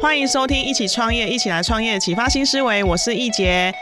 歡迎收聽《一起創業，一起來創業》，啟發新思維。我是易杰。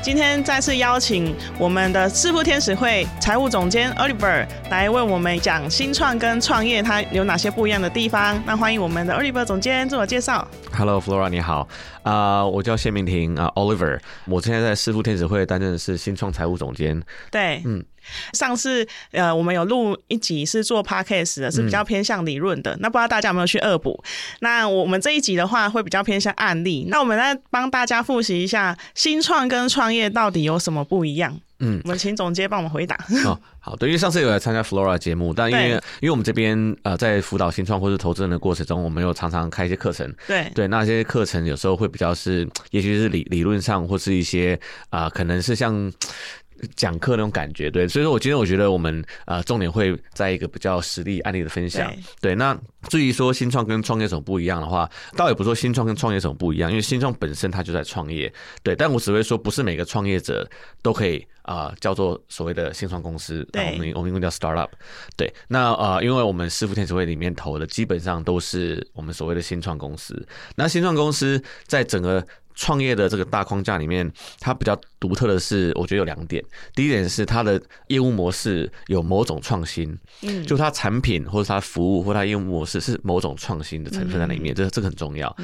今天再次邀請我們的識富天使會財務總監 Oliver 來為我們講新創跟創業它有哪些不一樣的地方。那歡迎我們的 Oliver 總監自我介紹。Hello, Flora，你好啊，uh, 我叫謝明廷啊，uh，Oliver，我現在在識富天使會擔任的是新創財務總監。對，嗯。上次呃，我們有錄一集是做 podcast 的，是比較偏向理論的。嗯、那不知道大家有沒有去惡補？那我們這一集的話，會比較偏向案例。那我們來幫大家複習一下新創跟創業到底有什麼不一樣？嗯，我們請總監幫我們回答。好、哦，好，等於上次有來參加 Flora 節目，但因為對因為我們這邊呃，在輔導新創或是投資人的過程中，我們有常常開一些課程。對對，那些課程有時候會比較是，也許是理、嗯、理論上，或是一些啊、呃，可能是像。講課那種感覺，對，所以說我今天我覺得我們呃，重點會在一個比較實例案例的分享。對，對，那至於說新創跟創業者不一樣的話，倒也不說新創跟創業者不一樣，因為新創本身它就在創業。對，但我只會說不是每個創業者都可以啊、呃、叫做所謂的新創公司。對，我們我們用叫 start up。對，那呃，因為我們識富天使會裡面投的基本上都是我們所謂的新創公司。那新創公司在整個創業的這個大框架裡面，它比較獨特的是，我覺得有兩點。第一點是它的業務模式有某種創新，就它產品或者它服務或它業務模式是某種創新的成分在裡面，嗯，這這個很重要。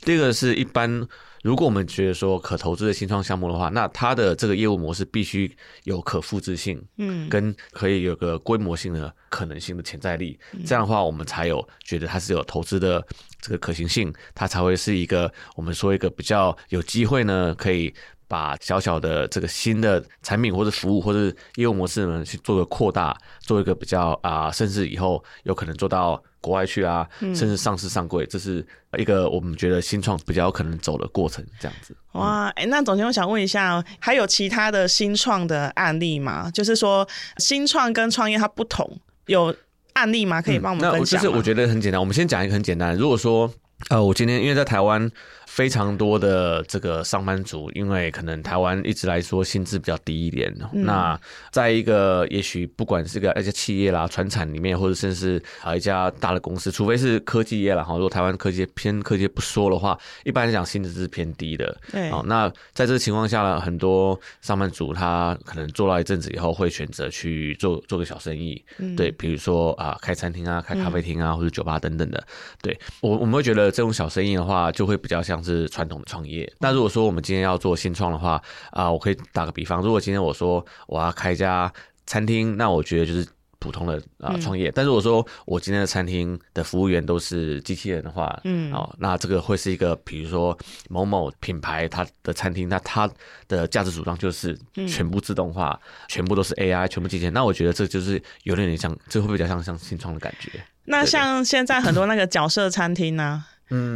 第二個是一般。如果我們覺得說可投資的新創項目的話，那它的這個業務模式必須有可複製性，嗯，跟可以有個規模性的可能性的潛在力，嗯、這樣的話我們才有覺得它是有投資的這個可行性，它才會是一個我們說一個比較有機會呢，可以把小小的這個新的產品或者服務或者業務模式呢去做個擴大，做一個比較啊、呃，甚至以後有可能做到。國外去啊，甚至上市上櫃，嗯、這是一個我們覺得新創比較可能走的過程，這樣子。嗯、哇，哎、欸，那總監，我想問一下，還有其他的新創的案例嗎？就是說，新創跟創業它不同，有案例嗎？可以幫我們分享、嗯？那其實我覺得很簡單，我們先講一個很簡單。如果說，呃，我今天因為在台灣。非常多的這個上班族，因為可能台灣一直來說薪資比較低一點。嗯、那在一個也許不管是一個而且企業啦、傳產裡面，或者甚至啊一家大的公司，除非是科技業啦，好，如果台灣科技業偏科技業不說的話，一般來講薪資是偏低的。對，好、哦，那在這個情況下，呢，很多上班族他可能做了一陣子以後，會選擇去做做個小生意。嗯、對，比如說啊、呃、開餐廳啊、開咖啡廳啊、嗯、或者酒吧等等的。對，我我們會覺得這種小生意的話，就會比較像，是傳統的創業。那如果說我們今天要做新創的話啊、呃，我可以打個比方，如果今天我說我要開一家餐廳，那我覺得就是普通的啊創、呃、業。嗯、但如果說我今天的餐廳的服務員都是機器人的話，嗯，哦，那這個會是一個比如說某某品牌它的餐廳，那它的價值主張就是全部自動化，嗯、全部都是 AI，全部機器人。那我覺得這就是有點，有點像，這會不會比較像像新創的感覺？那像現在很多那個角色餐廳呢？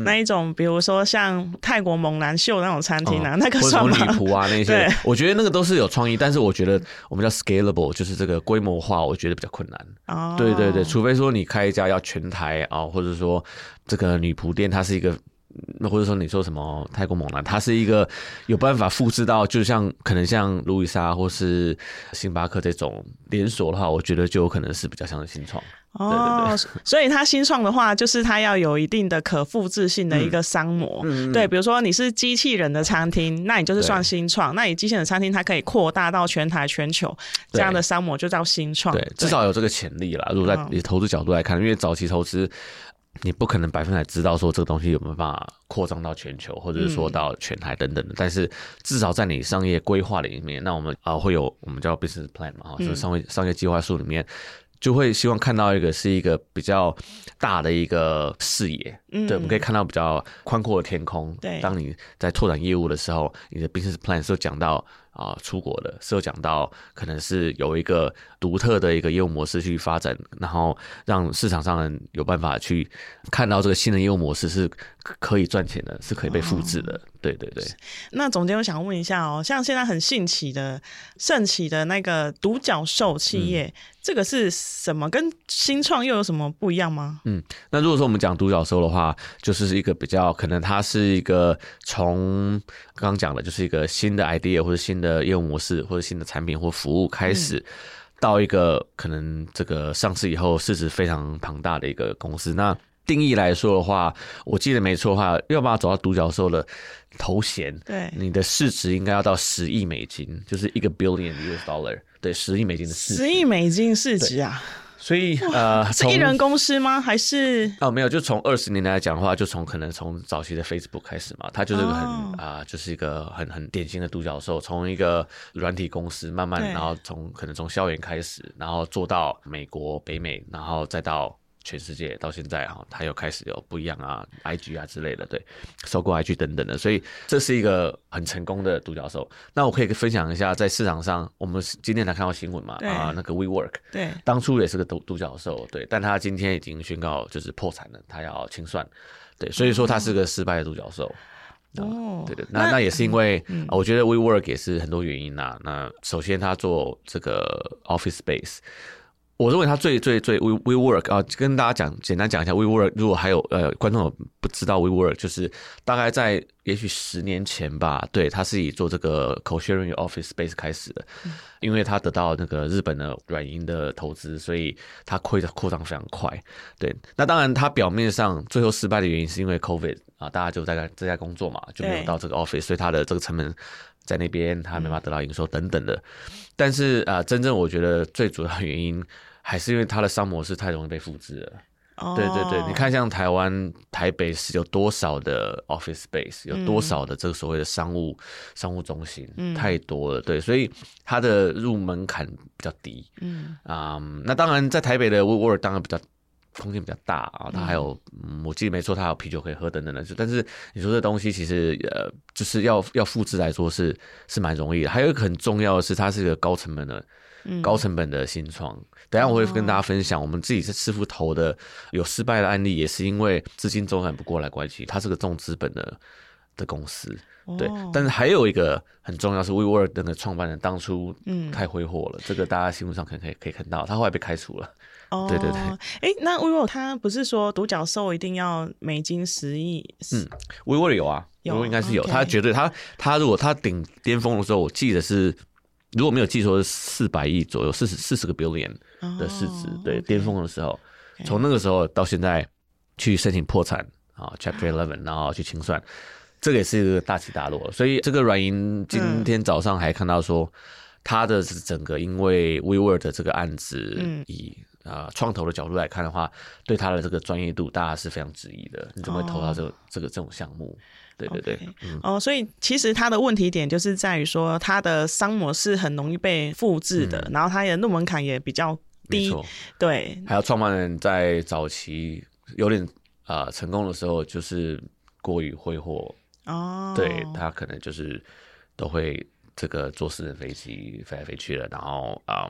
那一種，比如說像泰國猛男秀那種餐廳啊、嗯、啊，那個算嗎？或者女僕啊那些， 對，我覺得那個都是有創意，但是我覺得我們叫 scalable，就是這個規模化，我覺得比較困難。哦，對對對，除非說你開一家要全台啊，或者說這個女僕店它是一個。那或者說你說什麼太空猛男，他是一個有辦法複製到，嗯、就像可能像路易莎或是星巴克這種連鎖的話，我覺得就有可能是比較像是新創。哦，對對對，哦、所以它新創的話，就是它要有一定的可複製性的一個商模。嗯嗯、對，比如說你是機器人的餐廳，那你就是算新創。對那你機器人餐廳它可以擴大到全台全球對這樣的商模，就叫新創。至少有這個潛力啦。如果在投資角度來看，哦、因為早期投資。你不可能百分百知道說這個東西有沒有辦法擴張到全球，或者是說到全台等等的。嗯、但是至少在你商業規劃裡面，那我們啊、呃、會有我們叫 business plan 嘛，就是，是商業商業計劃書裡面，就會希望看到一個是一個比較大的一個視野，嗯、對，我們可以看到比較寬闊的天空。對，當你在拓展業務的時候，你的 business plan 就講到。啊，出國的，是有講到可能是有一個獨特的一個業務模式去發展，然後讓市場上人有辦法去看到這個新的業務模式是可以賺錢的，是可以被複製的。對對對，那總監，我想問一下哦，像現在很興起的盛起的那個獨角獸企業，嗯、這個是什麼？跟新創又有什麼不一樣嗎？嗯，那如果說我們講獨角獸的話，就是一個比較可能它是一個從剛講的就是一個新的 idea 或者新的業務模式或者新的產品或服務開始，嗯、到一個可能這個上市以後市值非常龐大的一個公司，那。定義來說的話，我記得沒錯的話，要把它走到獨角獸的頭銜，對，你的市值應該要到十億美金，就是一個 billion US dollar，對，十億美金的市值，十億美金市值啊，所以哇呃，是一人公司嗎？還是哦，沒有，就從二十年來講的話，就從可能從早期的 Facebook 開始嘛，它就是一個很啊、哦呃，就是一個很很，很典型的獨角獸，從一個軟體公司慢慢，對然後從可能從校園開始，然後做到美國、北美，然後再到。全世界到現在哈、啊，他又開始有不一樣啊，IG 啊之類的，對，收購 IG 等等的，所以這是一個很成功的獨角獸。那我可以分享一下，在市場上，我們今天來看到新聞嘛，對啊，那個 WeWork，對，當初也是個獨獨角獸，對，但他今天已經宣告就是破產了，他要清算，對，所以說他是個失敗的獨角獸。嗯啊、哦，對的，那那、嗯、也是因為，嗯啊、我覺得 WeWork 也是很多原因啊。那首先他做這個 Office Space。我認為他最最最 We Work 啊，跟大家講簡單講一下 We Work。如果還有呃觀眾不知道 We Work，就是大概在也許十年前吧，對，他是以做這個 co-sharing office space 開始的，因為他得到那個日本的軟銀的投資，所以他虧擴擴張非常快。對，那當然他表面上最後失敗的原因是因為 COVID 啊，大家就在在在家工作嘛，就沒有到這個 office，所以他的這個成本。在那邊，他沒辦法得到營收等等的。嗯、但是啊、呃，真正我覺得最主要原因還是因為他的商模式太容易被複製了。哦，對對對，你看像台灣台北是有多少的 office space，有多少的這個所謂的商務商務中心，嗯、太多了，對，所以它的入門檻比較低。嗯，啊、嗯，那當然在台北的 WeWork 當然比較空間比較大啊，它還有，嗯，我記得沒錯，它還有啤酒可以喝等等的。嗯、但是你說這東西其實呃，就是要要複製來說是是蠻容易的。還有一個很重要的是，它是一個高成本的、嗯、高成本的新創。等下我會跟大家分享，哦、我們自己是識富投的，有失敗的案例也是因為資金周轉不過來關係。它是個重資本的的公司，對。哦、但是還有一個很重要的是，WeWork 那個創辦人當初嗯太揮霍了，嗯、這個大家新聞上可能可以可以看到，他後來被開除了。哦，oh, 對對對，哎，那 WeWork 他不是說獨角獸一定要美金十億？是 WeWork 有啊，有應該是有，okay. 他絕對他他如果他頂巔峰的時候，我記得是如果沒有記錯是四百億左右，四十四十個 billion 的市值，oh, okay. 對，巔峰的時候，Okay. 從那個時候到現在去申請破產啊 Chapter Eleven，然後去清算，這個也是一個大起大落。所以這個軟銀今天早上還看到說，嗯、他的整個因為 WeWork 的這個案子以、嗯。啊，創、呃、投的角度來看的話，對他的這個專業度，大家是非常質疑的。你怎麼會投到這、哦、這個這個這種項目？對對對，Okay. 嗯、哦，所以其實他的問題點就是在於說，他的商模式很容易被複製的，嗯、然後他的入門檻也比較低。錯對，還有創辦人在早期有點啊、呃、成功的時候，就是過於揮霍哦。對他可能就是都會這個坐私人飛機飛來飛去了，然後嗯。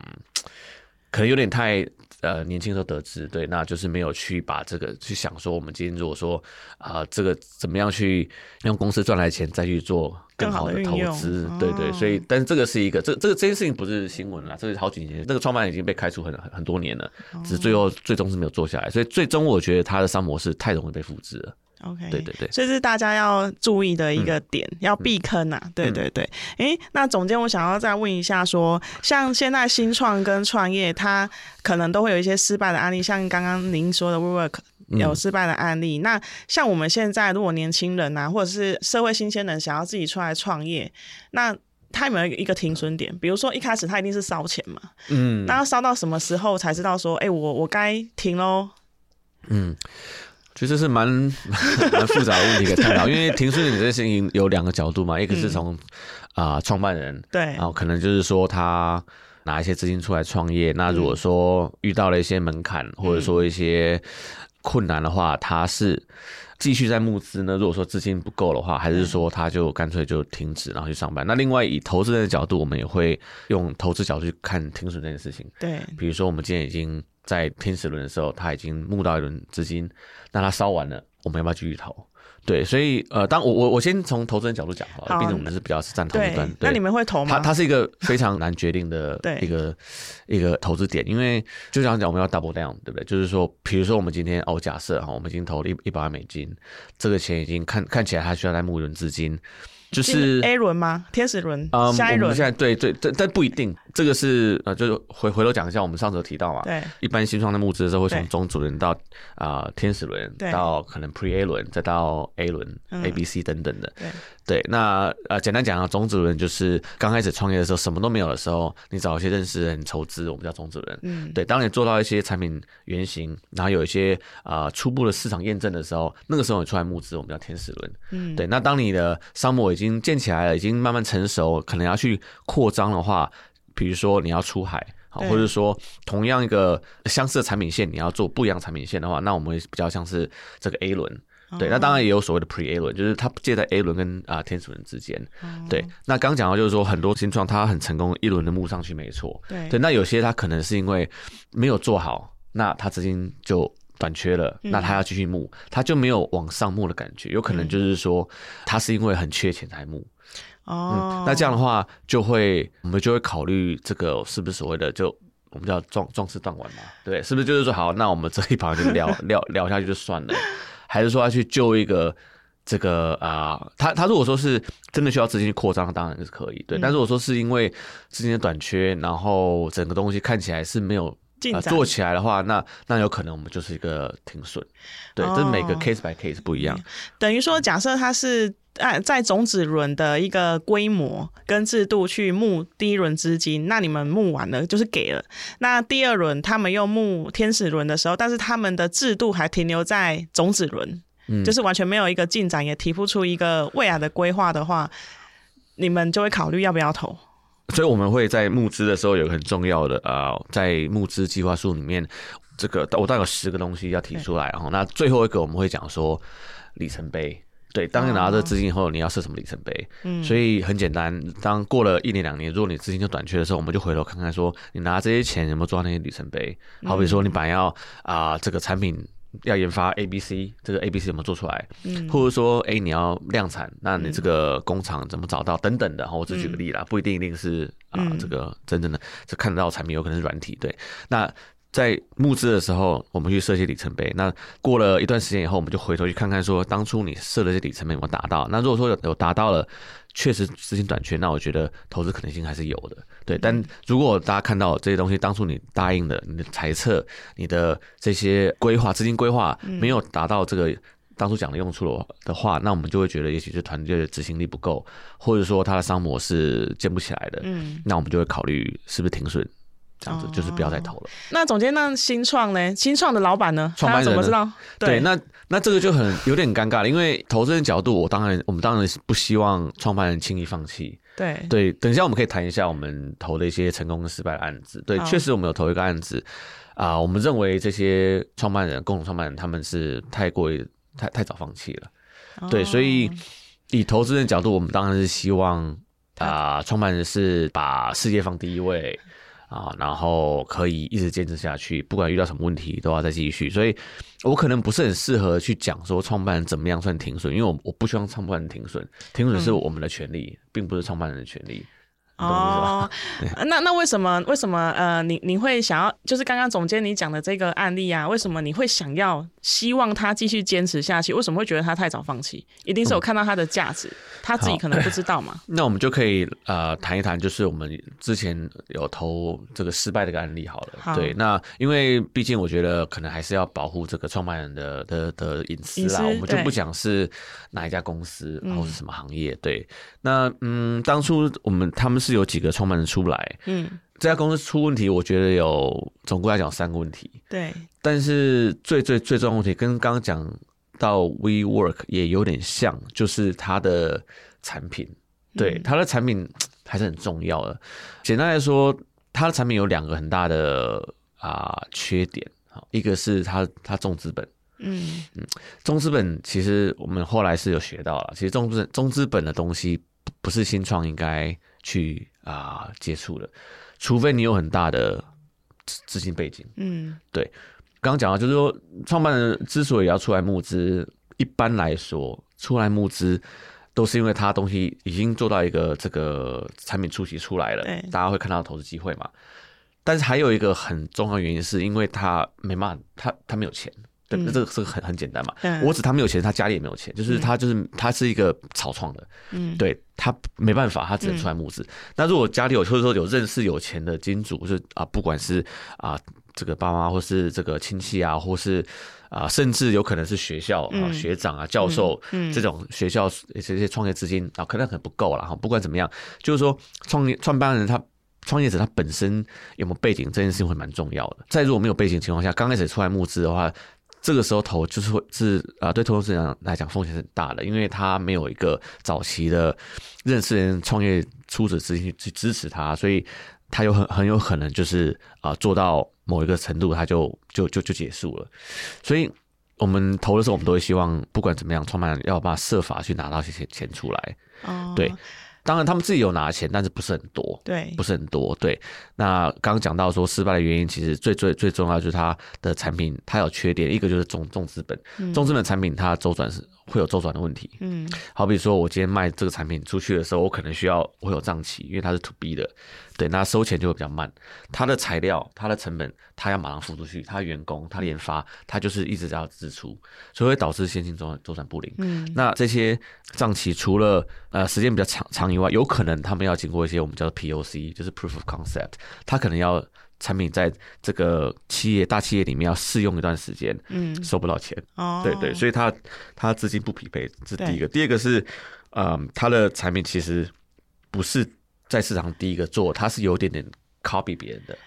可能有點太呃年輕時候得志，對，那就是沒有去把這個去想說，我們今天如果說啊、呃、這個怎麼樣去用公司賺來的錢再去做更好的投資，對，對對，所以但是這個是一個這這個這件事情不是新聞了，這是好幾年前那、嗯、個創辦已經被開除很很很多年了，只最後最終是沒有做下來，所以最終我覺得他的商業模式太容易被複制了。OK，對對對，所以是大家要注意的一個點，嗯、要避坑啊！嗯、對對對，哎，那總監，我想要再問一下說，說像現在新創跟創業，它可能都會有一些失敗的案例，像剛剛您說的 WeWork 有失敗的案例。嗯、那像我們現在如果年輕人啊，或者是社會新鮮人想要自己出來創業，那他有沒有一個停損點？比如說一開始他一定是燒錢嘛，嗯，那要燒到什麼時候才知道說，哎，我我該停嘍？嗯。其實是蠻蠻複雜的問題在探討。 對 因為停損這件事情有兩個角度嘛，對 一個是從啊創辦人，對，然後可能就是說他拿一些資金出來創業，對 那如果說遇到了一些門檻、嗯、或者說一些困難的話，嗯、他是繼續在募資呢？如果說資金不夠的話，還是說他就乾脆就停止然後去上班？對 那另外以投資人的角度，我們也會用投資角度去看停損這件事情，對，比如說我們今天已經。在天使輪的時候，他已經募到一輪資金，那他燒完了，我們要不要繼續投？對，所以呃，當我我我先從投資人角度講哈，畢竟好我們是比較是站投資端，對對那你們會投嗎？它它是一個非常難決定的一個對一個投資點，因為就像講我們要 double down，對不對？就是說，比如說我們今天哦，假設哈，我們已經投了一一百萬美金，這個錢已經看看起來，它需要再募一輪資金，就是 A 輪嗎？天使輪？下一輪，嗯，我們現在對對，但但不一定。對這個是呃，就是回回頭講一下，我們上次有提到嘛，對，一般新創的募資的時候會從種子輪到啊對、呃、天使輪，對到可能 Pre A 輪，再到 A 輪、嗯、A B C 等等的。對，對，那呃，簡單講啊，種子輪就是剛開始創業的時候，什麼都沒有的時候，你找一些認識的人投資，我們叫種子輪。嗯，對，當你做到一些產品原型，然後有一些啊、呃、初步的市場驗證的時候，那個時候你出來募資，我們叫天使輪。嗯，對，那當你的商業已經建起來了，已經慢慢成熟，可能要去擴張的話。比如說你要出海，好對，或者說同樣一個相似的產品線，你要做不一樣的產品線的話，那我們會比較像是這個 A 輪，對，嗯、那當然也有所謂的 Pre A 輪，就是它介在 A 輪跟啊、呃、天使輪之間，嗯、對。那剛講到就是說很多新創它很成功，一輪的募上去沒錯，對，對。那有些它可能是因為沒有做好，那它資金就短缺了，那它要繼續募，嗯、它就沒有往上募的感覺，有可能就是說它是因為很缺錢才募。嗯嗯哦、oh. 嗯，那這樣的話，就會我們就會考慮這個是不是所謂的就我們叫壯壯士斷腕嘛？對，是不是就是說好，那我們這一旁就聊 聊聊下去就算了，還是說要去救一個這個啊、呃？他他如果說是真的需要資金去擴張，當然是可以，對。但如果說是因為資金的短缺，然後整個東西看起來是沒有進展，呃、做起來的話，那那有可能我們就是一個停損，對。這、oh. 每個 case by case 不一樣，嗯、等於說假設他是。啊，在種子輪的一個規模跟制度去募第一輪資金，那你們募完了就是給了。那第二輪他們又募天使輪的時候，但是他們的制度還停留在種子輪，嗯，就是完全沒有一個進展，也提不出一個未來的規劃的話，你們就會考慮要不要投。所以我們會在募資的時候有一個很重要的啊、呃，在募資計劃書裡面，這個我大概有十個東西要提出來。然後對，那最後一個我們會講說里程碑。對，當你拿到這資金以後，你要設什麼里程碑？嗯，oh. 所以很簡單，當過了一年兩年，如果你資金就短缺的時候，我們就回頭看看說，你拿這些錢有沒有做那些里程碑？好比說你，你把要啊，這個產品要研發 A、B、C，這個 A、B、C 有沒有做出來？或者說，哎、欸，你要量產，那你這個工廠怎麼找到？等等的，我只舉個例啦，不一定一定是啊、呃，這個真正的這看得到產品，有可能是軟體。對，那。在募資的時候，我們去設計里程碑。那過了一段時間以後，我們就回頭去看看，說當初你設的這里程碑有沒有達到？那如果說有有達到了，確實資金短缺，那我覺得投資可能性還是有的。對，但如果大家看到這些東西，當初你答應的、你的猜測、你的這些規劃、資金規劃沒有達到這個當初講的用處的話，嗯、那我們就會覺得也許是團隊的執行力不夠，或者說他的商模式建不起來的。嗯，那我們就會考慮是不是停損。這樣子就是不要再投了。哦、那總監，那新創呢？新創的老闆呢？創辦人怎麼知道？對，對那那這個就很有點尷尬了。因為投資人的角度，我當然我們當然是不希望創辦人輕易放棄。對對，等一下我們可以談一下我們投的一些成功跟失敗的案子。對，確好實我們有投一個案子啊、呃，我們認為這些創辦人、共同創辦人他們是太過於太太早放棄了。哦、對，所以以投資人的角度，我們當然是希望啊，創、呃、辦人是把世界放第一位。啊，然後可以一直堅持下去，不管遇到什麼問題，都要再繼續。所以，我可能不是很適合去講說創辦人怎麼樣算停損，因為我我不希望創辦人停損，停損是我們的權利，並不是創辦人的權利。是是哦，那那為什麼為什麼呃，你你會想要就是剛剛總監你講的這個案例啊？為什麼你會想要希望他繼續堅持下去？為什麼會覺得他太早放棄？一定是有看到他的價值，嗯、他自己可能不知道嘛。那我們就可以呃談一談，就是我們之前有投這個失敗的一個案例好了。好對，那因為畢竟我覺得可能還是要保護這個創辦人的的的隱私啊，私我們就不講是哪一家公司，然後、嗯、是什麼行業，對。那嗯，當初我們他們是有幾個創辦人出不來，嗯，這家公司出問題，我覺得有總歸來講三個問題，對，但是最最最重要的問題跟剛剛講到 WeWork 也有點像，就是他的產品，對，他的產品還是很重要的。嗯、簡單來說，他的產品有兩個很大的啊、呃、缺點，一個是他他重資本，嗯嗯，重資本其實我們後來是有學到了，其實重資重資本的東西。不是新創應該去啊接觸的，除非你有很大的資資金背景。嗯，對。剛剛講到，就是說，創辦人之所以要出來募資，一般來說，出來募資都是因為他東西已經做到一個這個產品初期出來了，對大家會看到投資機會嘛。但是還有一個很重要的原因，是因為他沒辦法，他他沒有錢。對，那、嗯、這個是個很很簡單嘛。嗯、我指他沒有錢，他家裡也沒有錢，就是他就是、嗯、他是一個草創的，嗯，對，他沒辦法，他只能出來募資。嗯、那如果家裡有，就是說有認識有錢的金主，就是啊，不管是啊這個爸媽，或是這個親戚啊，或是啊甚至有可能是學校啊學長啊教授、嗯嗯、這種學校這些創業資金啊，可能可能不夠了哈。不管怎麼樣，就是說創業創辦人他創業者他本身有沒有背景，嗯、這件事情會蠻重要的。嗯、在如果沒有背景的情況下，剛開始出來募資的話。這個時候投就是會是啊、呃，對投資人來講風險是很大的，因為他沒有一個早期的，認識人創業初始資金去支持他，所以他有很很有可能就是啊、呃、做到某一個程度他就就就就，就結束了。所以我們投的時候，我們都會希望不管怎麼樣，創辦人要把設法去拿到這些錢錢出來，哦、對。當然，他們自己有拿錢，但是不是很多，對不是很多，對。那剛剛講到說失敗的原因，其實最最最重要就是它的產品它有缺點，一個就是重重資本，重資本的產品它週轉是，會有周轉的問題，嗯，好比說，我今天賣這個產品出去的時候，我可能需要我會有賬期，因為它是 to B 的，對，那收錢就會比較慢。它的材料、它的成本，它要馬上付出去，它的員工、它的研發，它就是一直在要支出，所以會導致現金周周轉不靈。嗯，那這些賬期除了呃時間比較長長以外，有可能他們要經過一些我們叫做 P O C，就是 proof of concept，它可能要。產品在這個企業大企業裡面要試用一段時間，嗯，收不到錢，哦，對，對對，所以他他資金不匹配，是第一個。對第二個是，嗯、呃，他的產品其實不是在市場上第一個做，他是有點點 copy 別人的，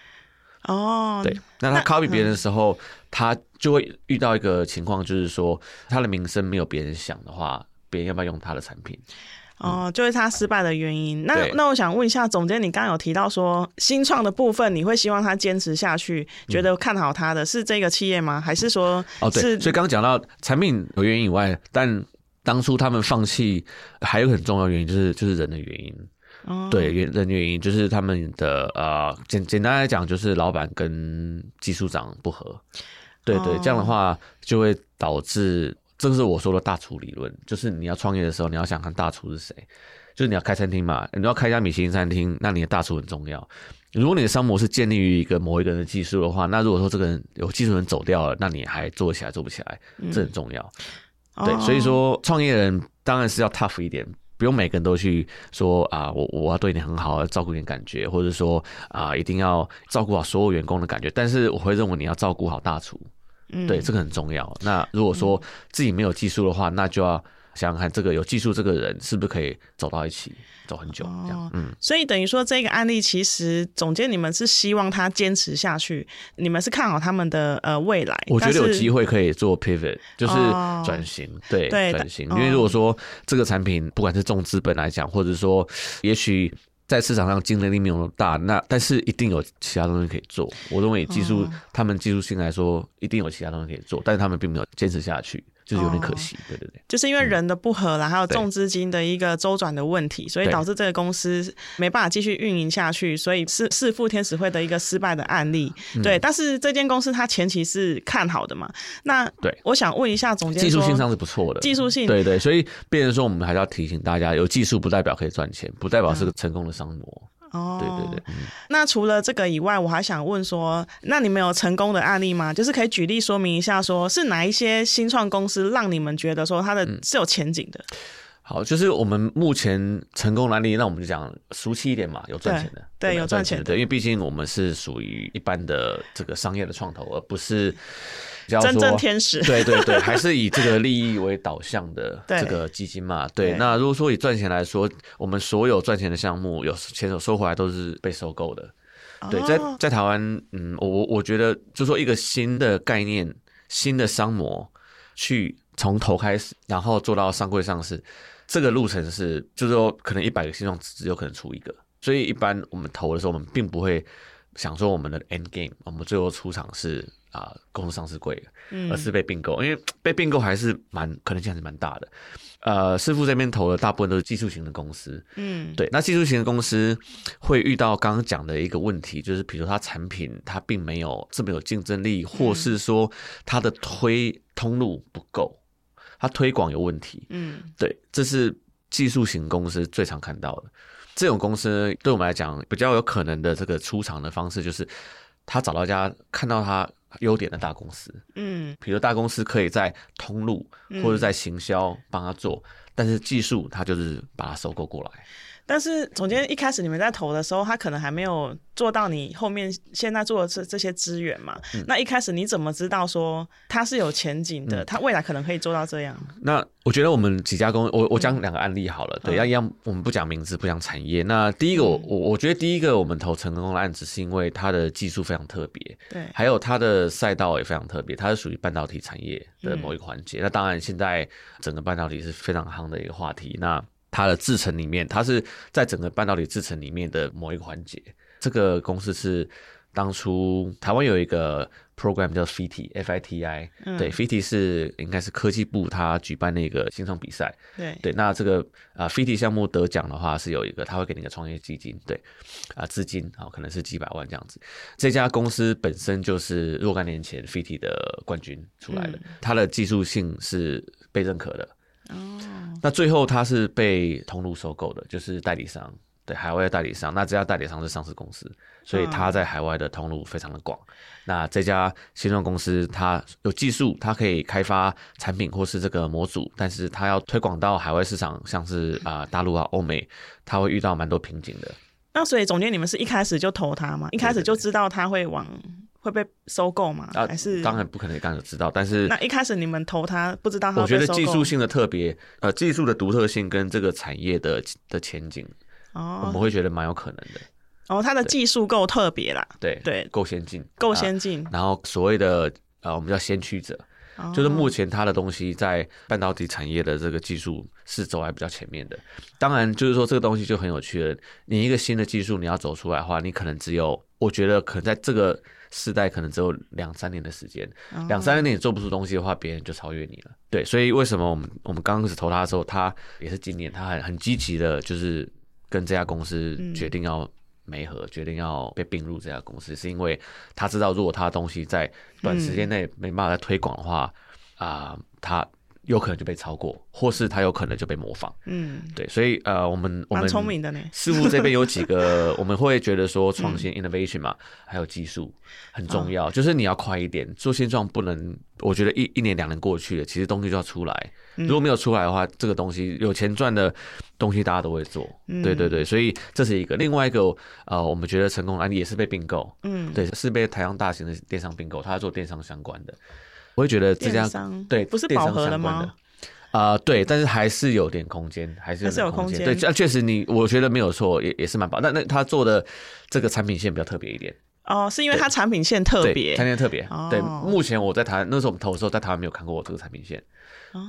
哦，對。那他 copy 別人的時候，那他就會遇到一個情況，就是說、嗯、他的名聲沒有別人響的話，別人要不要用他的產品？哦，就是他失敗的原因。那對那我想問一下，總監，你剛剛有提到說新創的部分，你會希望他堅持下去，覺得看好他的、嗯、是這個企業嗎？還是說是哦，對，是。所以剛剛講到產品有原因以外，但當初他們放棄還有很重要原因，就是就是人的原因。哦、對，人的原因就是他們的啊，簡、呃、簡單來講就是老闆跟技術長不合。對對，對，哦、這樣的話就會導致。這是我說的大廚理論，就是你要創業的時候，你要想看大廚是誰。就是你要開餐廳嘛，你要開一家米其林餐廳，那你的大廚很重要。如果你的商模是建立於一個某一個人的技術的話，那如果說這個人有技術人走掉了，那你還做得起來做不起來，這很重要。嗯、對，Oh. 所以說創業人當然是要 tough 一點，不用每個人都去說啊、呃，我我要對你很好，要照顧你感覺，或者說啊、呃，一定要照顧好所有員工的感覺。但是我會認為你要照顧好大廚。對，嗯、這個很重要。那如果說自己沒有技術的話，嗯、那就要想想看，這個有技術這個人是不是可以走到一起，走很久這樣。哦、嗯，所以等於說這個案例，其實總監你們是希望他堅持下去，你們是看好他們的呃未來。我覺得有機會可以做 pivot，是就是轉型，哦、對轉型。因為如果說這個產品，不管是重資本來講，或者說也許。在市場上競爭力沒有那麼大，那但是一定有其他東西可以做。我認為技術，嗯、他們技術性來說，一定有其他東西可以做，但是他們並沒有堅持下去。是有點可惜，哦、對對對，就是因為人的不和啦，嗯、還有重資金的一個周轉的問題，對所以導致這個公司沒辦法繼續運營下去，對所以是識富天使會的一個失敗的案例。嗯、對，但是這間公司它前期是看好的嘛？嗯、那對，我想問一下總監，技術性上是不錯的，技術性、嗯，對對，所以變成說我們還是要提醒大家，有技術不代表可以賺錢，不代表是個成功的商模。嗯哦，對對對。那除了這個以外，我還想問說，那你們有成功的案例嗎？就是可以舉例說明一下說，說是哪一些新創公司讓你們覺得說它的是有前景的。嗯好，就是我們目前成功案例，那我們就講熟悉一點嘛，有賺錢，對對錢的，對，有賺錢的，對，因為畢竟我們是屬於一般的這個商業的創投，而不是比較真正天使，對對對， 還是以這個利益為導向的這個基金嘛，對。對對，那如果說以賺錢來說，我們所有賺錢的項目，有前手收回來都是被收購的，對。在在台灣，嗯，我我我覺得，就是說一個新的概念，新的商模，去從頭開始，然後做到上櫃上市。這個路程是，就是說，可能一百個新創只有可能出一個，所以一般我們投的時候，我們並不會想說我們的 end game，我們最後出場是啊，公司上市櫃，而是被併購，因為被併購還是蠻可能性還是蠻大的。呃，識富這邊投的大部分都是技術型的公司，嗯，對，那技術型的公司會遇到剛剛講的一個問題，就是比如它產品它並沒有這麼有競爭力，或是說它的推通路不夠。他推廣有問題，嗯，對，這是技術型公司最常看到的。這種公司對我們來講比較有可能的這個出場的方式，就是他找到一家看到他優點的大公司，嗯，比如大公司可以在通路或者在行銷幫他做，嗯，但是技術他就是把它收購過來。但是總監一開始，你們在投的時候，嗯、他可能還沒有做到你後面現在做的這這些資源嘛？嗯、那一開始你怎麼知道說它是有前景的？它、嗯、未來可能可以做到這樣？那我覺得我們幾家公司，我我講兩個案例好了。嗯、對，要一樣，我們不講名字，不講產業。那第一個，嗯、我我我覺得第一個我們投成功的案子是因為它的技術非常特別，對，還有它的賽道也非常特別，它是屬於半導體產業的某一個環節。嗯、那當然，現在整個半導體是非常夯的一個話題。那它的製程裡面，它是在整個半導體製程裡面的某一個環節。這個公司是當初台灣有一個 program 叫 FITI，F I T I、嗯、對，FITI 是應該是科技部它舉辦的一個新創比賽。對，對，那這個啊、呃、FITI 項目得獎的話，是有一個他會給你個創業基金，對，啊、呃、資金啊、哦、可能是幾百萬這樣子。這家公司本身就是若干年前 FITI 的冠軍出來的，嗯、它的技術性是被認可的。哦，那最後他是被通路收購的，就是代理商，對海外的代理商。那這家代理商是上市公司，所以他在海外的通路非常的廣。嗯、那這家新創公司，它有技術，它可以開發產品或是這個模組，但是它要推廣到海外市場，像是啊、呃、大陸啊、歐美，它會遇到蠻多瓶頸的。那所以總監，你們是一開始就投他嗎？一開始就知道他會往？對對對會被收購嗎？啊，還是當然不可能，剛才知道。但是那一開始你們投他，不知道我覺得技術性的特別，呃，技術的獨特性跟這個產業的的前景，哦，我們會覺得蠻有可能的。哦，它的技術夠特別啦，對對，夠對對先進，夠先進，啊。然後所謂的呃、啊，我們叫先驅者，哦、就是目前它的東西在半導體產業的這個技術是走在比較前面的。當然，就是說這個東西就很有趣了。你一個新的技術，你要走出來的話，你可能只有我覺得可能在這個世代可能只有兩三年的時間，兩、oh. 三年也做不出東西的話，別人就超越你了。對，所以為什麼我們我們剛開始投他的時候，他也是今年，他很很積極的，就是跟這家公司決定要媒合，嗯、決定要被併入這家公司，是因為他知道，如果他的東西在短時間內沒辦法再推廣的話，啊、嗯呃，他。有可能就被超過，或是它有可能就被模仿。嗯，對，所以呃，我們我們識富這邊有幾個， 我們會覺得說創新、嗯、（innovation） 嘛，還有技術很重要，嗯、就是你要快一點。做現狀不能，我覺得一一年兩年過去了，其實東西就要出來。如果沒有出來的話，嗯、這個東西有錢賺的東西，大家都會做。嗯、對對對，所以這是一個。另外一個呃，我們覺得成功的案例也是被併購。嗯，對，是被台商大型的電商併購，他要做電商相關的。我會覺得這家電商對不是飽和了嗎？啊、嗯呃，對，但是還是有點空間，還是有點還是有空間。對，這、啊、確實你，你我覺得沒有錯，也也是蠻飽。那那他做的這個產品線比較特別一點哦，是因為他產品線特別，產品線特別。哦、對，目前我在台灣那時候我們投的時候，在台灣沒有看過我這個產品線。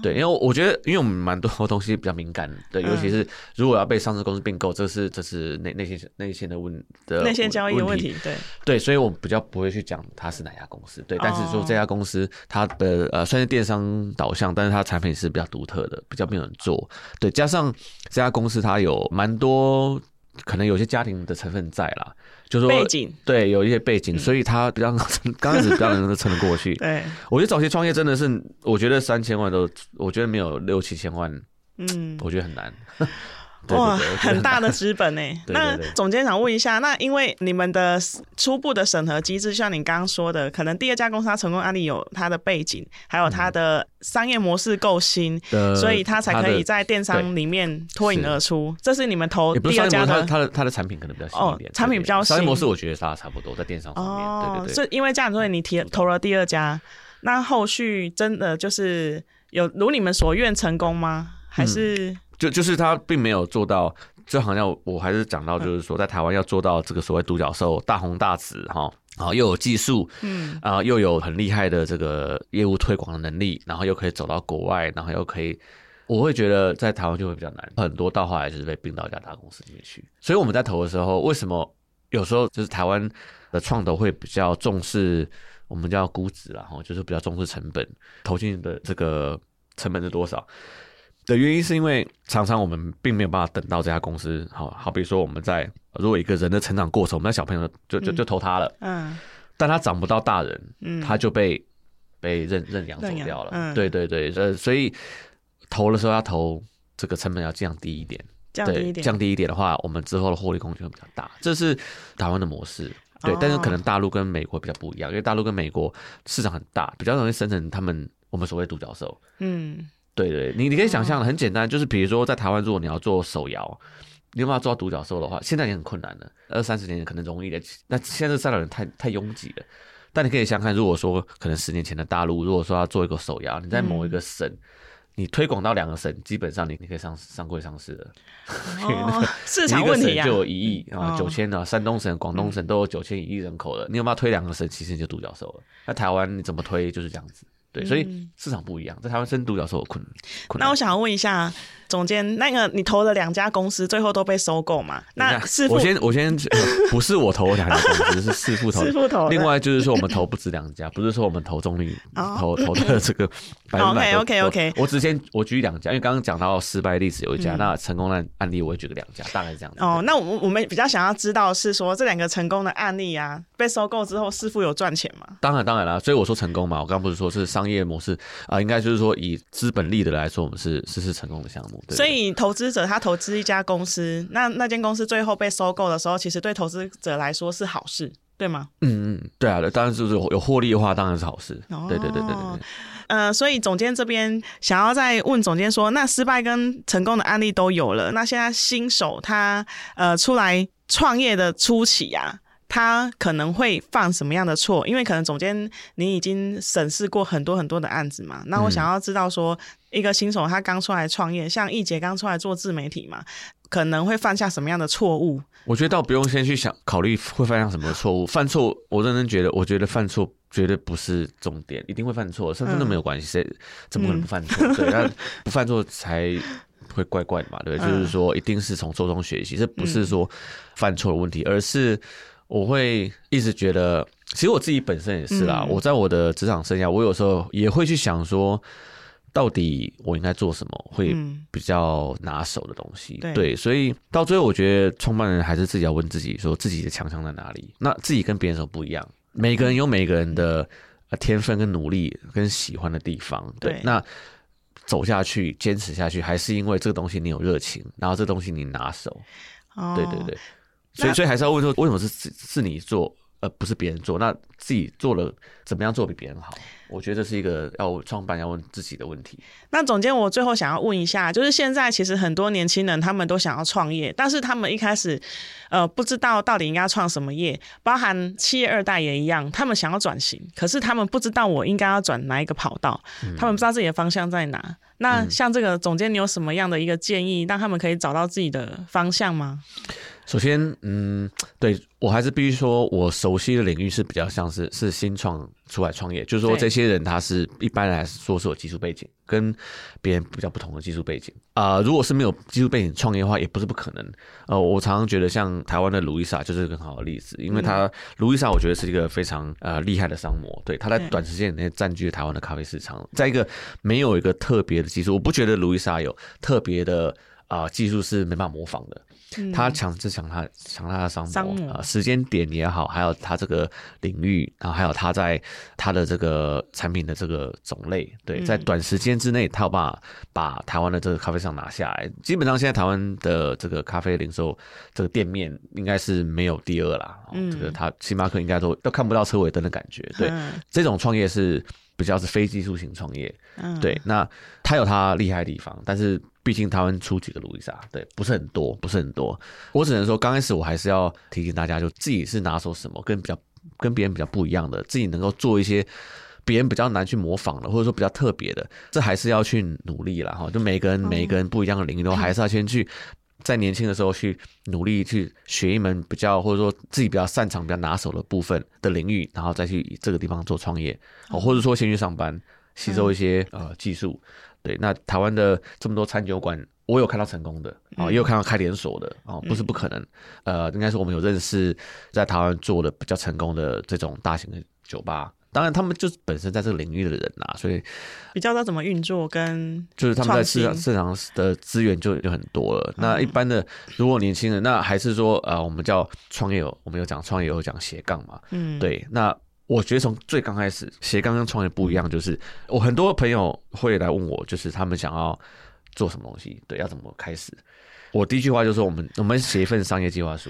對，因為我覺得，因為我們蠻多東西比較敏感的，尤其是如果要被上市公司併購，這是這是內內線內線的問的問題，內線交易的問題，對對，所以我比較不會去講它是哪家公司，對，但是說這家公司它的呃算是電商導向，但是它產品是比較獨特的，比較沒有人做，對，加上這家公司它有蠻多。可能有些家庭的成分在啦，就是、說背景對，有一些背景，嗯、所以他比較，剛剛剛開始，比較能夠撐得過去。 對，我覺得早期創業真的是，我覺得三千萬都，我覺得沒有六七千萬，嗯，我覺得很難。嗯 對對對，哇，很大的資本呢、欸。 對對對，那總監想問一下，那因為你們的初步的審核機制，像你剛剛說的，可能第二家公司它成功案例有它的背景，還有它的商業模式夠新，嗯呃、所以它才可以在電商裡面脫穎而出。是這是你們投第二家的，也不它，它的它的產品可能比較新一點，哦、產品比較新。商業模式我覺得大家差不多，在電商方面，哦、對對對。是因為這樣，所以你提投了第二家，那後續真的就是有如你們所願成功嗎？還是？嗯就就是他並沒有做到，就好像我還是講到，就是說在台灣要做到這個所謂獨角獸大紅大紫哈，然後又有技術，嗯、呃，啊又有很厲害的這個業務推廣的能力，然後又可以走到國外，然後又可以，我會覺得在台灣就會比較難，很多到後來就是被併到一家大公司裡面去。所以我們在投的時候，為什麼有時候就是台灣的創投會比較重視我們叫估值，然後就是比較重視成本，投進的這個成本是多少？的原因是因為常常我們並沒有辦法等到這家公司，好好比說我們在如果一個人的成長過程，我們的小朋友就就就投他了，嗯，嗯但他長不到大人，嗯，他就被被認認養走掉了，嗯、對對對，所以投的時候要投這個成本要降低一點，降低一點，降低一點的話，我們之後的獲利空間會比較大，這是台灣的模式，對，但是可能大陸跟美國比較不一樣，哦、因為大陸跟美國市場很大，比較容易生成他們我們所謂的獨角獸，嗯。對，對對，你你可以想象的很簡單，就是比如說在台灣，如果你要做手搖，你有沒有做到獨角獸的話，現在你很困難了。二三十年可能容易的，那現在這三大陸人太太擁擠了。但你可以想看，如果說可能十年前的大陸，如果說要做一個手搖，你在某一個省，你推廣到兩個省，基本上你你可以上上櫃上市了。市場沒問題啊。你一個省就有一億啊九千啊，山東省、廣東省都有九千億人口了。嗯、你有沒有推兩個省，其實你就獨角獸了。那台灣你怎麼推，就是這樣子。對，所以市場不一樣，在台灣生獨角獸有困難，嗯。那困難 我想要問一下。總監，那個你投了兩家公司最後都被收購嘛？那是我先我先不是我投兩家公司，是師傅投。師傅投。另外就是說，我們投不止兩家，不是說我們投中率投投的這個百分之百 OK OK OK。我只先我舉兩家，因為剛剛講到失敗例子有一家，那成功的案例我也舉個兩家，大概是這樣子。哦，那我我們比較想要知道是說這兩個成功的案例啊，被收購之後師傅有賺錢嗎？當然當然啦，所以我說成功嘛，我剛不是說是商業模式啊，應該就是說以資本利得來說，我們是是是成功的項目。所以投資者他投資一家公司，那那間公司最後被收購的時候，其實對投資者來說是好事，對嗎？嗯嗯，對啊，當然是有有獲利的話，當然是好事。對對、哦、對對對對。呃，所以總監這邊想要再問總監說，那失敗跟成功的案例都有了，那現在新手他呃出來創業的初期啊。他可能會犯什麼樣的錯？因為可能總監，你已經審視過很多很多的案子嘛。那我想要知道，說一個新手他剛出來創業，像易杰剛出來做自媒體嘛，可能會犯下什麼樣的錯誤？我覺得倒不用先去想考慮會犯下什麼錯誤。嗯、犯錯，我認真覺得，我覺得犯錯絕對不是重點，一定會犯錯，是真的沒有關係，誰、嗯、怎麼可能不犯錯？對，那不犯錯才會怪怪的嘛，對？嗯、就是說，一定是從錯中學習，這不是說犯錯的問題，而是。我會一直覺得，其實我自己本身也是啦。嗯、我在我的職場生涯，我有時候也會去想說，到底我應該做什麼會比較拿手的東西？嗯、對，所以到最後，我覺得創辦人還是自己要問自己，說自己的強項在哪裡？那自己跟別人說不一樣，每個人有每個人的天分、跟努力、跟喜歡的地方。嗯、對，對，那走下去、堅持下去，還是因為這個東西你有熱情，然後這個東西你拿手。哦、對，對，對，對，對。所以，所以還是要問說，為什麼是那是你做，呃，不是別人做？那自己做了怎麼樣做比別人好？我覺得這是一個要創辦要問自己的問題。那總監，我最後想要問一下，就是現在其實很多年輕人他們都想要創業，但是他們一開始，呃，不知道到底應該創什麼業，包含企業二代也一樣，他們想要轉型，可是他們不知道我應該要轉哪一個跑道，嗯、他們不知道自己的方向在哪。那像這個總監，你有什麼樣的一個建議，讓他們可以找到自己的方向嗎？首先，嗯，對，我還是必須說，我熟悉的領域是比較像是是新創出來創業，就是說，這些人他是一般來說是有技術背景，跟別人比較不同的技術背景啊、呃。如果是沒有技術背景創業的話，也不是不可能。呃，我常常覺得像台灣的路易莎就是一個很好的例子，因為他路易莎我覺得是一個非常呃厲害的商模，對，他在短時間內佔據了台灣的咖啡市場，再、嗯、一個沒有一個特別的技術，我不覺得路易莎有特別的啊、呃、技術是沒辦法模仿的。他強制強他強大的商博商啊務、呃，時間點也好，還有他這個領域，然後還有他在他的這個產品的這個種類，對，在短時間之內，他有把把台灣的這個咖啡商拿下來。基本上現在台灣的這個咖啡零售這個店面應該是沒有第二啦。嗯，這個他星巴克應該都都看不到車尾燈的感覺。對，嗯、這種創業是比較是非技術型創業。嗯、對，那他有他厲害的地方，但是。畢竟台灣出幾個路易莎，對，不是很多，不是很多。我只能說，剛開始我還是要提醒大家，就自己是拿手什麼，跟比較跟別人比較不一樣的，自己能夠做一些別人比較難去模仿的，或者說比較特別的，這還是要去努力啦哈。就每一個人每一個人不一樣的領域，都還是要先去在年輕的時候去努力去學一門比較或者說自己比較擅長，比較拿手的部分的領域，然後再去這個地方做創業，哦，或者說先去上班，吸收一些呃技術。對，那台灣的這麼多餐酒館，我有看到成功的啊、哦，也有看到開連鎖的啊、嗯哦，不是不可能。嗯、呃，應該是我們有認識在台灣做的比較成功的這種大型的酒吧，當然他們就本身在這個領域的人啦、啊，所以比較知道怎麼運作跟就是他們在市場市場的資源就就很多了。嗯、那一般的如果年輕人，那還是說呃，我們叫創業我們有講創業有講斜槓嘛，嗯、對，那。我覺得從最剛開始，寫剛剛創業不一樣，就是我很多朋友會來問我，就是他們想要做什麼東西，對，要怎麼開始？我第一句話就是說我們我們寫一份商業計劃書。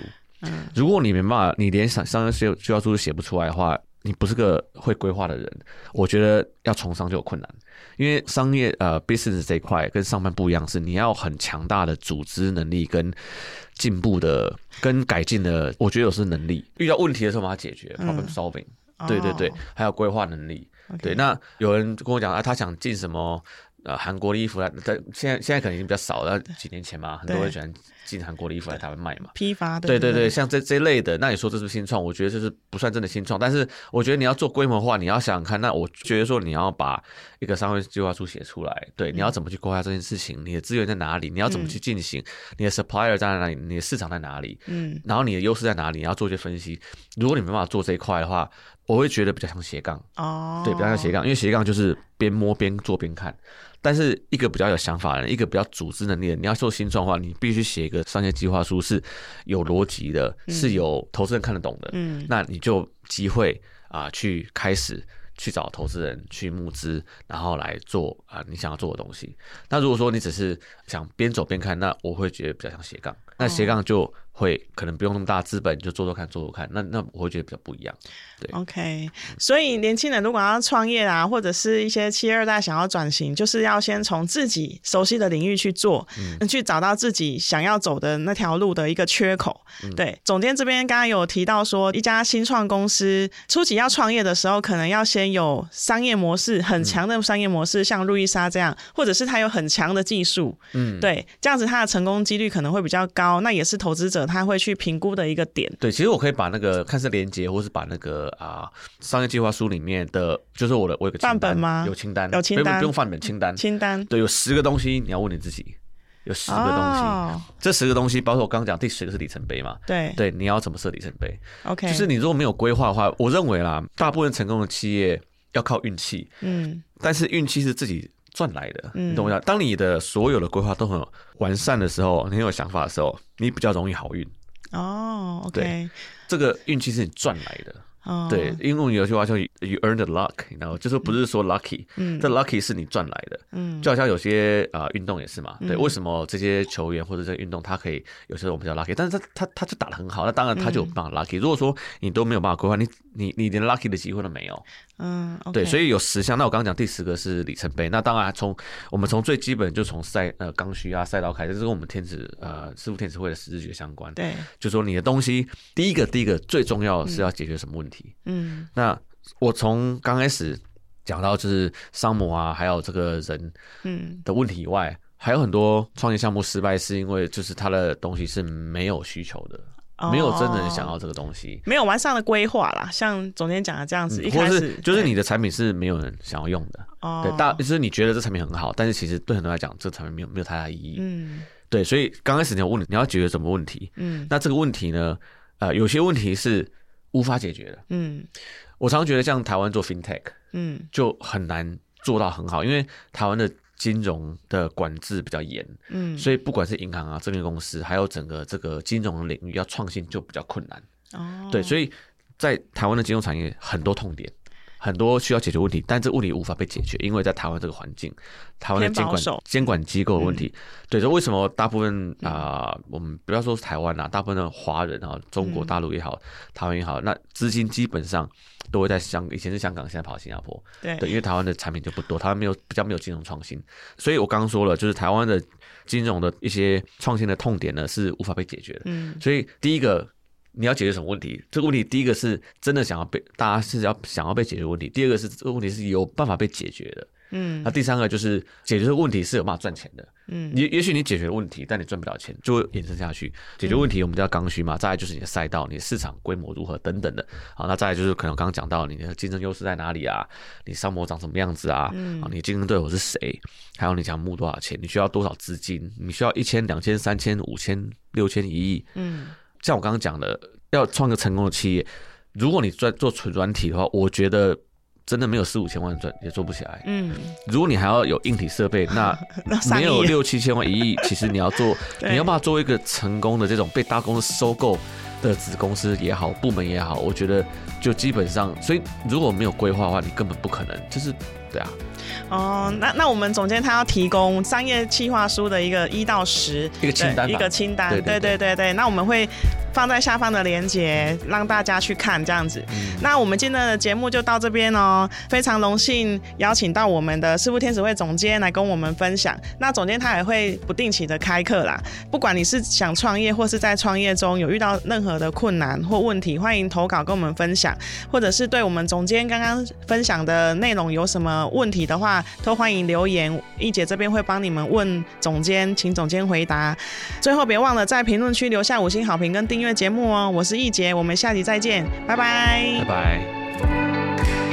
如果你沒辦法，你連商商業計計劃書都寫不出來的話，你不是個會規劃的人。我覺得要從商就有困難，因為商業呃 business 這一塊跟上班不一樣，是你要很強大的組織能力跟進步的跟改進的。我覺得有是能力，遇到問題的時候把它解決，problem solving，嗯。對對對，oh，還有規劃能力。Okay. 對，那有人跟我講啊，他想進什麼呃韓國的衣服啊，但現在現在可能已經比較少了，幾年前嘛，對很多人喜歡。進韓國的衣服來台灣賣嘛，批發的。對對對，像這這類的，那你說這是新創，我覺得這是不算真的新創。但是我覺得你要做規模化，你要想想看。那我覺得說你要把一個商業計劃書寫出來，對，你要怎麼去規劃這件事情？你的資源在哪裡？你要怎麼去進行？你的 supplier 在哪裡？你的市場在哪裡？嗯，然後你的優勢在哪裡？你要做一些分析。如果你沒辦法做這一塊的話，我會覺得比較像斜槓。哦，對，比較像斜槓，因為斜槓就是邊摸邊做邊看。但是一個比較有想法的人，一個比較組織能力的人，你要做新創的話，你必須寫一個商業計劃書，是有邏輯的，是有投資人看得懂的。嗯、那你就機會啊、呃，去開始去找投資人去募資，然後來做啊、呃、你想要做的東西。那如果說你只是想邊走邊看，那我會覺得比較像斜槓。那斜槓就。會可能不用那麼大資本就做做看，做做看，那那我會覺得比較不一樣。對，OK、嗯、所以年輕人如果要創業啊，或者是一些企業二代想要轉型，就是要先從自己熟悉的領域去做，嗯、去找到自己想要走的那條路的一個缺口。嗯、對，總監這邊剛剛有提到說，一家新創公司初期要創業的時候，可能要先有商業模式，很強的商業模式，嗯、像路易莎這樣，或者是他有很強的技術，嗯，對，這樣子他的成功幾率可能會比較高。那也是投資者，他會去評估的一個點。對，其實我可以把那個看似連接，或是把那個啊、呃、商業計劃書裡面的，就是我的我有個範本嗎？有清單，有清單，不用範本清單。清單，對，有十個東西、嗯、你要問你自己，有十個東西，哦、這十個東西，包括我剛剛講第十個是里程碑嘛？對，對，你要怎麼設里程碑？OK，就是你如果沒有規劃的話，我認為啦，大部分成功的企業要靠運氣，嗯，但是運氣是自己。賺來的，你懂我意思？嗯、當你的所有的規劃都很完善的時候，你很有想法的時候，你比較容易好運。哦，okay、對，這個運氣是你賺來的。哦、對，因為有些話叫 you earned the luck，然後 you know? 就是不是說 lucky，嗯、這 lucky 是你賺來的。嗯，就好像有些啊、呃、運動也是嘛。嗯、對，為什麼這些球員或者這些運動他可以？有時候我們叫 lucky，但是他他他就打得很好，那當然他就有辦法 lucky、嗯。如果說你都沒有辦法規劃你。你你連的 lucky 的機會都沒有，嗯，okay、對，所以有十項。那我剛剛講第十個是里程碑。那當然，從我們從最基本就從賽呃剛需啊賽道開始，這是跟我們天使呃識富天使會的十字訣相關。對，就說你的東西第一個第一個最重要是要解決什麼問題？嗯，嗯那我從剛開始講到就是商模啊，還有這個人嗯的問題以外，嗯、還有很多創業項目失敗是因為就是他的東西是沒有需求的。沒有真人想要這個東西，哦、沒有完善的規劃啦。像總監講的這樣子，嗯、一開始或是就是你的產品是沒有人想要用的。對，哦、對，大就是你覺得這產品很好，但是其實對很多人來講，這產品沒有沒有太大意義。嗯，對，所以剛開始你要問你要解決什麼問題？嗯，那這個問題呢？呃，有些問題是無法解決的。嗯，我常常覺得像台灣做 fintech，嗯，就很難做到很好，因為台灣的。金融的管制比較嚴，嗯，所以不管是銀行啊、證券公司，還有整個這個金融領域要創新就比較困難，哦，對，所以在台灣的金融產業很多痛點。嗯很多需要解決問題，但這問題無法被解決，因為在台灣這個環境，台灣的監管監管機構的問題，嗯、對，所以為什麼大部分啊、呃，我們不要說是台灣啦、啊，大部分的華人啊，中國大陸也好，嗯、台灣也好，那資金基本上都會在香港，以前是香港，現在跑新加坡，對，對，因為台灣的產品就不多，台灣沒有比較沒有金融創新，所以我剛剛說了，就是台灣的金融的一些創新的痛點呢是無法被解決的，嗯、所以第一個。你要解決什麼問題？這個問題第一個是真的想要被大家是要想要被解決問題，第二個是這個問題是有辦法被解決的。嗯，那第三個就是解決這個問題是有辦法賺錢的。嗯，也也許你解決問題，但你賺不了錢，就會衍生下去。解決問題，我們叫剛需嘛。再來就是你的賽道，你的市場規模如何等等的。好，那再來就是可能剛剛講到你的競爭優勢在哪裡啊？你商模長什麼樣子啊？啊，你競爭對手是誰？還有你想募多少錢？你需要多少資金？你需要一千、兩千、三千、五千、六千一、一億？嗯。像我剛剛講的，要創個成功的企業，如果你在做純軟體的話，我覺得。真的沒有四五千萬賺也做不起來。嗯，如果你還要有硬體設備，那沒有六七千萬一億，億 其實你要做，對你要把它作為一個成功的這種被大公司收購的子公司也好，部門也好，我覺得就基本上，所以如果沒有規劃的話，你根本不可能，就是對啊。哦、呃，那那我們總監他要提供商業企劃書的一個一到十一個清單，一個清單，對對對對。那我們會。放在下方的鏈接，讓大家去看這樣子。那我們今天的節目就到這邊哦。非常榮幸邀請到我們的識富天使會總監來跟我們分享。那總監他也會不定期的開課啦。不管你是想創業或是在創業中有遇到任何的困難或問題，歡迎投稿跟我們分享。或者是對我們總監剛剛分享的內容有什麼問題的話，都歡迎留言。一姐這邊會幫你們問總監，請總監回答。最後別忘了在評論區留下五星好評跟訂閱的節目哦，我是易杰，我們下期再見，拜拜，拜拜。